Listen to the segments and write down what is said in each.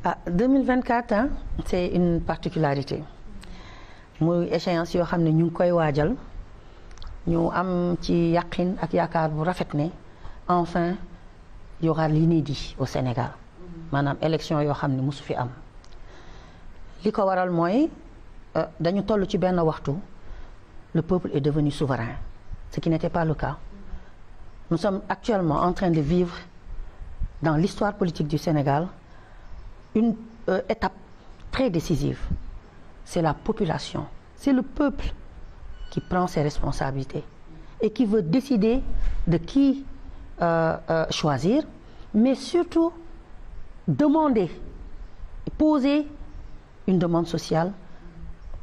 ah 2024 ah c'est une particularité muy échéance yoo xam ne ñu ngi koy waajal ñu am ci yàqin ak yaakaar bu rafet ne enfin y aura l'inédit au Sénégal maanaam élection yoo xam ne mosu fi am li ko waral mooy euh, dañu toll ci benn waxtu le peuple est devenu souverain ce qui n'était pas le cas nous sommes actuellement en train de vivre dans l'histoire politique du Sénégal une euh, étape très décisive. C'est la population, c'est le peuple qui prend ses responsabilités et qui veut décider de qui euh, euh, choisir, mais surtout demander, poser une demande sociale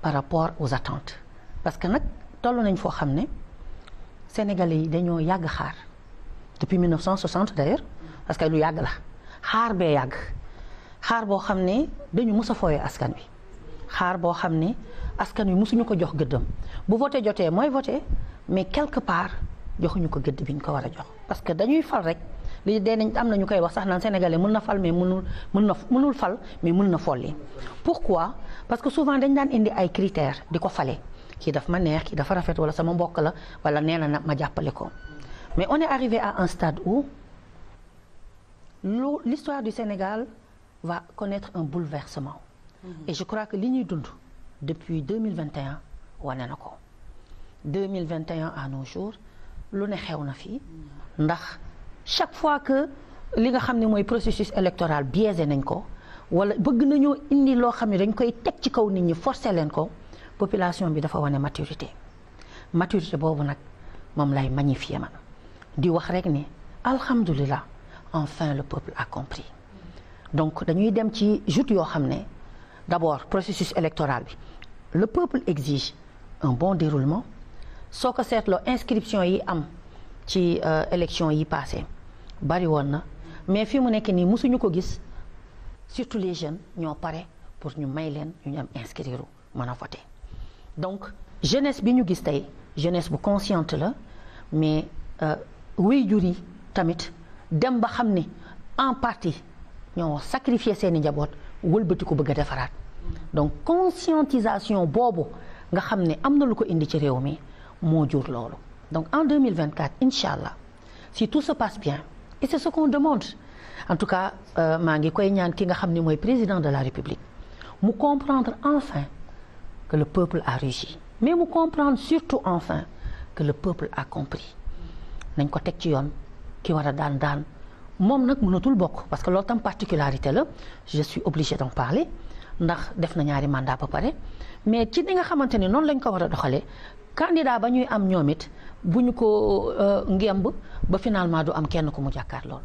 par rapport aux attentes. Parce que nag toll nañ foo xam ne Sénégalais yi dañoo yàgg xaar depuis 1960 d'ailleurs parce que lu yàgg la xaar bee yàgg. xaar boo xam ne dañu mës a fooyee askan wi xaar boo xam ne askan wi mësuñu ko jox gëddam bu voté jotee mooy voté mais quelque part joxuñu ko gëdd bi ñu ko war a jox parce que dañuy fal rek li dee nañ am na ñu koy wax sax naan sénégalais mën na fal mais mënul mën na mënul fal mais mën na folli pourquoi parce que souvent dañ daan indi ay critères di ko fale kii daf ma neex kii dafa rafet wala sama mbokk la wala nee na ma jàppale ko mais on est arrivé à un du Sénégal va connaître un bouleversement. Mm et je crois que li ñuy dund depuis 2021 wane na ko 2021 à nos jours lu ne xew na fii mhm. ndax chaque fois que li nga xam ne mooy processus électoral biaisé nañ ko wala bëgg nañoo indi loo xam ne dañ koy teg ci kaw nit ñi forcer leen ko population bi dafa wane maturité maturité boobu nag moom lay magnifier man di wax rek ni alhamdulilah enfin le peuple a compris donc dañuy dem ci joute yoo xam ne d'abord processus électoral bi le peuple exige un bon déroulement soo ko seetloo inscription yi am ci euh, élection yi passé bari woon na mais fi mu nekk nii mosuñu ko gis surtout les jeunes ñoo pare pour ñu may leen ñu ñu am inscrire mën a voter donc jeunesse bi ñu gis tey jeunesse bu consciente la mais euh, wuy jur yi tamit dem ba xam ni en partie ñoo sacrifier seeni njaboot wëlbati ku bëgg a defaraat donc conscientisation boobu nga xam ne am na lu ko indi ci réew mi moo jur loolu donc en 2024 incha allah si tout se passe bien et c'est ce qu'on demande en tout cas euh, maa ngi koy ñaan ki nga xam ne mooy président de la république mu comprendre enfin que le peuple a régi mais mu comprendre surtout enfin que le peuple a compris nañ ko teg ci yoon ki war a daan daan moom nag mënatul bokk parce que loolu tam particularité la je suis obligé d'en parler ndax def na ñaari mandat ba pare mais ci li nga xamante ni noonu lañ ko war a doxalee candidat ba ñuy am ñoom it bu ñu ko euh, ngemb ba finalement du am kenn ku mu jàkkaar lool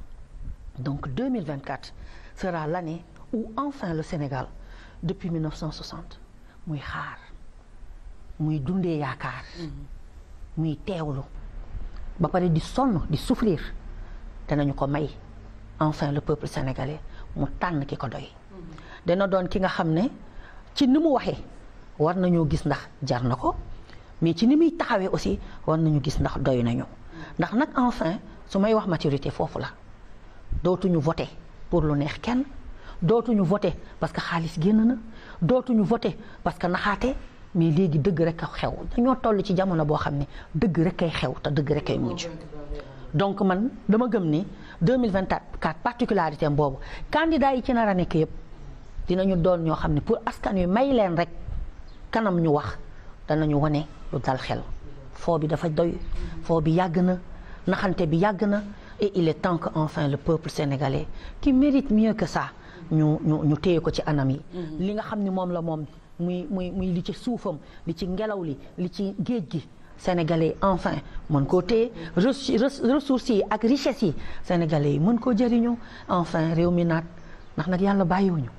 donc 2024 sera l'année où enfin le Sénégal depuis 1960 muy xaar muy dundee yaakaar mm-hmm. muy teewlu ba pare di sonn di souffrir ñu ko may enfin le peuple sénégalais mu tànn ki ko doy. dana doon ki nga xam ne ci ni mu waxee war nañoo gis ndax jar na ko mais ci ni muy taxawee aussi war nañu gis ndax doy nañu ndax nag enfin su may wax maturité foofu la dootuñu voter pour lu neex kenn dootuñu voter parce que xaalis génn na dootuñu voter parce que naxaate mais léegi dëgg rek a xew ñoo toll ci jamono boo xam ne dëgg rek kay xew te dëgg rek kay mujj. donc man dama gëm ni 2024 particularité am boobu candidat yi ci nar a nekk yëpp dinañu doon ñoo xam ne pour askan yi may leen rek kanam ñu wax danañu wane lu dal xel foo bi dafa doy foo bi yàgg na naxante bi yàgg na et il est temps que enfin le peuple sénégalais qui mérite mieux que ça ñu téye ko ci anam yi mm-hmm. li nga xam ni moom la moom muy muy muy li ci suufam li ci ngelaw li li ci géej gi sénégalais enfin mën koo téye ressources yi ak richesses yi sénégalais yi mën koo jëriñoo enfin réew mi naat ndax nag yàlla bàyyiwuñu